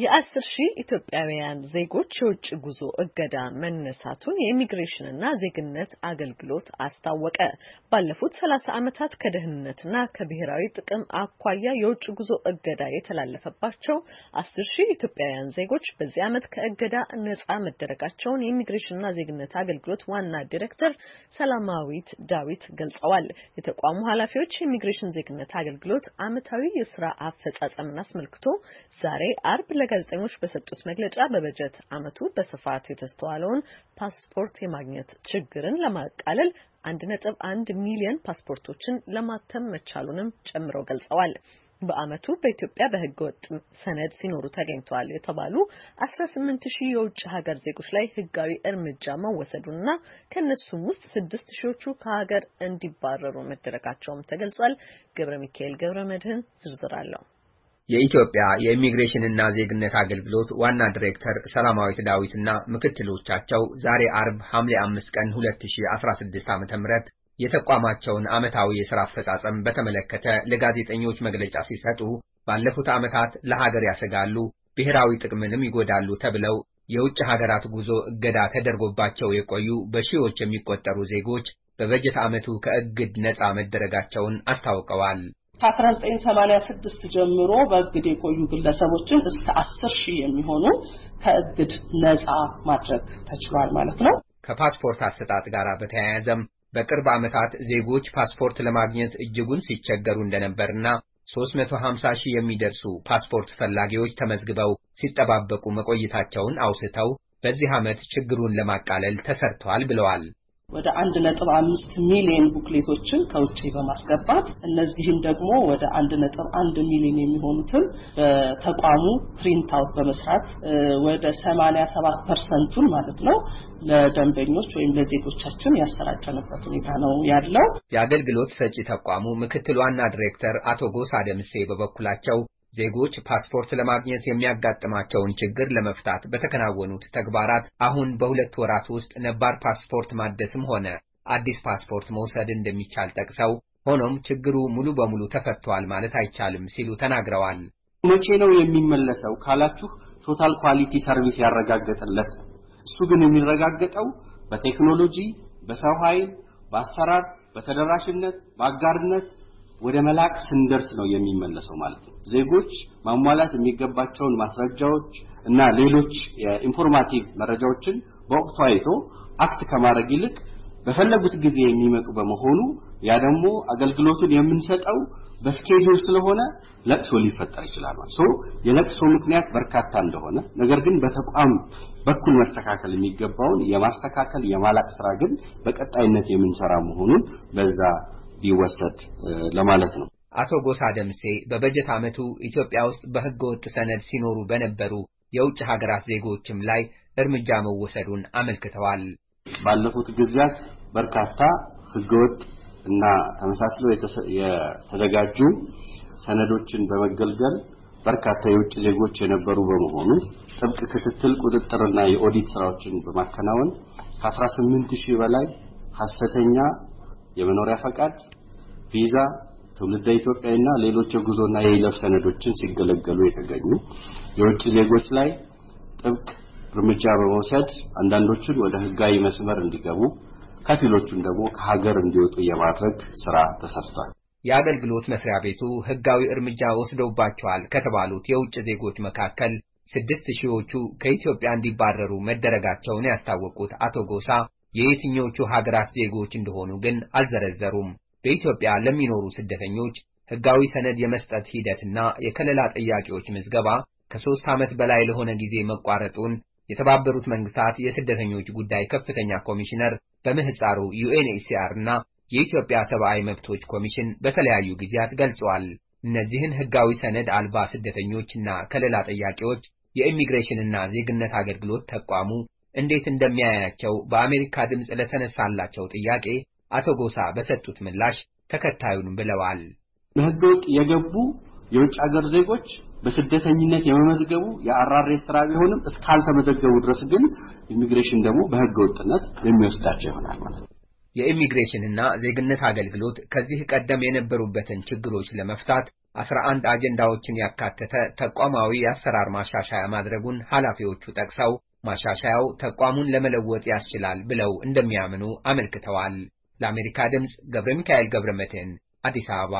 የአስር ሺህ ኢትዮጵያውያን ዜጎች የውጭ ጉዞ እገዳ መነሳቱን የኢሚግሬሽንና ዜግነት አገልግሎት አስታወቀ። ባለፉት ሰላሳ ዓመታት ከደህንነትና ከብሔራዊ ጥቅም አኳያ የውጭ ጉዞ እገዳ የተላለፈባቸው አስር ሺህ ኢትዮጵያውያን ዜጎች በዚህ ዓመት ከእገዳ ነጻ መደረጋቸውን የኢሚግሬሽንና ዜግነት አገልግሎት ዋና ዲሬክተር ሰላማዊት ዳዊት ገልጸዋል። የተቋሙ ኃላፊዎች የኢሚግሬሽን ዜግነት አገልግሎት ዓመታዊ የስራ አፈጻጸምን አስመልክቶ ዛሬ አርብ ለጋዜጠኞች በሰጡት መግለጫ በበጀት ዓመቱ በስፋት የተስተዋለውን ፓስፖርት የማግኘት ችግርን ለማቃለል አንድ ነጥብ አንድ ሚሊዮን ፓስፖርቶችን ለማተም መቻሉንም ጨምረው ገልጸዋል። በዓመቱ በኢትዮጵያ በሕገ ወጥ ሰነድ ሲኖሩ ተገኝተዋል የተባሉ 18 ሺህ የውጭ ሀገር ዜጎች ላይ ሕጋዊ እርምጃ መወሰዱና ከእነሱም ውስጥ ስድስት ሺዎቹ ከሀገር እንዲባረሩ መደረጋቸውም ተገልጿል። ገብረ ሚካኤል ገብረ መድህን ዝርዝር አለው። የኢትዮጵያ የኢሚግሬሽንና ዜግነት አገልግሎት ዋና ዲሬክተር ሰላማዊት ዳዊትና ምክትሎቻቸው ዛሬ አርብ ሐምሌ 5 ቀን 2016 ዓ.ም የተቋማቸውን ዓመታዊ የሥራ አፈጻጸም በተመለከተ ለጋዜጠኞች መግለጫ ሲሰጡ ባለፉት ዓመታት ለሀገር ያሰጋሉ፣ ብሔራዊ ጥቅምንም ይጎዳሉ ተብለው የውጭ ሀገራት ጉዞ እገዳ ተደርጎባቸው የቆዩ በሺዎች የሚቆጠሩ ዜጎች በበጀት ዓመቱ ከእግድ ነፃ መደረጋቸውን አስታውቀዋል። ከ1986 ጀምሮ በእግድ የቆዩ ግለሰቦችን እስከ 10 ሺህ የሚሆኑ ከእግድ ነፃ ማድረግ ተችሏል ማለት ነው። ከፓስፖርት አሰጣጥ ጋር በተያያዘም በቅርብ ዓመታት ዜጎች ፓስፖርት ለማግኘት እጅጉን ሲቸገሩ እንደነበርና 350 ሺህ የሚደርሱ ፓስፖርት ፈላጊዎች ተመዝግበው ሲጠባበቁ መቆየታቸውን አውስተው በዚህ ዓመት ችግሩን ለማቃለል ተሰርተዋል ብለዋል። ወደ 1.5 ሚሊዮን ቡክሌቶችን ከውጭ በማስገባት እነዚህም ደግሞ ወደ 1.1 ሚሊዮን የሚሆኑትን በተቋሙ ፕሪንት አውት በመስራት ወደ 87%ቱን ማለት ነው ለደንበኞች ወይም ለዜጎቻችን ያሰራጨንበት ሁኔታ ነው ያለው። የአገልግሎት ሰጪ ተቋሙ ምክትል ዋና ዲሬክተር አቶ ጎሳ ደምሴ በበኩላቸው ዜጎች ፓስፖርት ለማግኘት የሚያጋጥማቸውን ችግር ለመፍታት በተከናወኑት ተግባራት አሁን በሁለት ወራት ውስጥ ነባር ፓስፖርት ማደስም ሆነ አዲስ ፓስፖርት መውሰድ እንደሚቻል ጠቅሰው ሆኖም ችግሩ ሙሉ በሙሉ ተፈቷል ማለት አይቻልም ሲሉ ተናግረዋል። መቼ ነው የሚመለሰው ካላችሁ ቶታል ኳሊቲ ሰርቪስ ያረጋገጠለት እሱ ግን የሚረጋገጠው በቴክኖሎጂ፣ በሰው ኃይል፣ በአሰራር፣ በተደራሽነት፣ በአጋርነት ወደ መላክ ስንደርስ ነው የሚመለሰው ማለት ነው። ዜጎች ማሟላት የሚገባቸውን ማስረጃዎች እና ሌሎች የኢንፎርማቲቭ መረጃዎችን በወቅቱ አይቶ አክት ከማድረግ ይልቅ በፈለጉት ጊዜ የሚመጡ በመሆኑ ያ ደግሞ አገልግሎቱን የምንሰጠው በስኬጁል ስለሆነ ለቅሶ ሊፈጠር ይችላል ማለት ነው። የለቅሶ ምክንያት በርካታ እንደሆነ ነገር ግን በተቋም በኩል መስተካከል የሚገባውን የማስተካከል የማላቅ ስራ ግን በቀጣይነት የምንሰራ መሆኑን በዛ ይወሰድ ለማለት ነው። አቶ ጎሳ ደምሴ በበጀት ዓመቱ ኢትዮጵያ ውስጥ በሕገ ወጥ ሰነድ ሲኖሩ በነበሩ የውጭ ሀገራት ዜጎችም ላይ እርምጃ መወሰዱን አመልክተዋል። ባለፉት ጊዜያት በርካታ ወጥ እና ተመሳስለው የተዘጋጁ ሰነዶችን በመገልገል በርካታ የውጭ ዜጎች የነበሩ በመሆኑ ጥብቅ ክትትል፣ ቁጥጥርና የኦዲት ስራዎችን በማከናወን ከ18 ሺህ በላይ ሀሰተኛ። የመኖሪያ ፈቃድ፣ ቪዛ፣ ትውልደ ኢትዮጵያና ሌሎች የጉዞና የይለፍ ሰነዶችን ሲገለገሉ የተገኙ የውጭ ዜጎች ላይ ጥብቅ እርምጃ በመውሰድ አንዳንዶቹን ወደ ህጋዊ መስመር እንዲገቡ ከፊሎቹን ደግሞ ከሀገር እንዲወጡ የማድረግ ስራ ተሰርቷል። የአገልግሎት መስሪያ ቤቱ ህጋዊ እርምጃ ወስዶባቸዋል ከተባሉት የውጭ ዜጎች መካከል ስድስት ሺዎቹ ከኢትዮጵያ እንዲባረሩ መደረጋቸውን ያስታወቁት አቶ ጎሳ የየትኞቹ ሀገራት ዜጎች እንደሆኑ ግን አልዘረዘሩም። በኢትዮጵያ ለሚኖሩ ስደተኞች ሕጋዊ ሰነድ የመስጠት ሂደትና የከለላ ጥያቄዎች ምዝገባ ከሦስት ዓመት በላይ ለሆነ ጊዜ መቋረጡን የተባበሩት መንግስታት የስደተኞች ጉዳይ ከፍተኛ ኮሚሽነር በምህፃሩ ዩኤንኤችሲአር እና የኢትዮጵያ ሰብአዊ መብቶች ኮሚሽን በተለያዩ ጊዜያት ገልጸዋል። እነዚህን ሕጋዊ ሰነድ አልባ ስደተኞችና ከለላ ጥያቄዎች የኢሚግሬሽንና ዜግነት አገልግሎት ተቋሙ እንዴት እንደሚያያቸው በአሜሪካ ድምፅ ለተነሳላቸው ጥያቄ አቶ ጎሳ በሰጡት ምላሽ ተከታዩን ብለዋል። ወጥ የገቡ የውጭ ሀገር ዜጎች በስደተኝነት የመመዝገቡ የአራሬ ስራ ቢሆንም እስካልተመዘገቡ ድረስ ግን ኢሚግሬሽን ደግሞ በህገ ወጥነት የሚወስዳቸው ይሆናል ማለት ነው። የኢሚግሬሽንና ዜግነት አገልግሎት ከዚህ ቀደም የነበሩበትን ችግሮች ለመፍታት አስራ አንድ አጀንዳዎችን ያካተተ ተቋማዊ የአሰራር ማሻሻያ ማድረጉን ኃላፊዎቹ ጠቅሰው ማሻሻያው ተቋሙን ለመለወጥ ያስችላል ብለው እንደሚያምኑ አመልክተዋል። ለአሜሪካ ድምፅ ገብረ ሚካኤል ገብረ መድህን አዲስ አበባ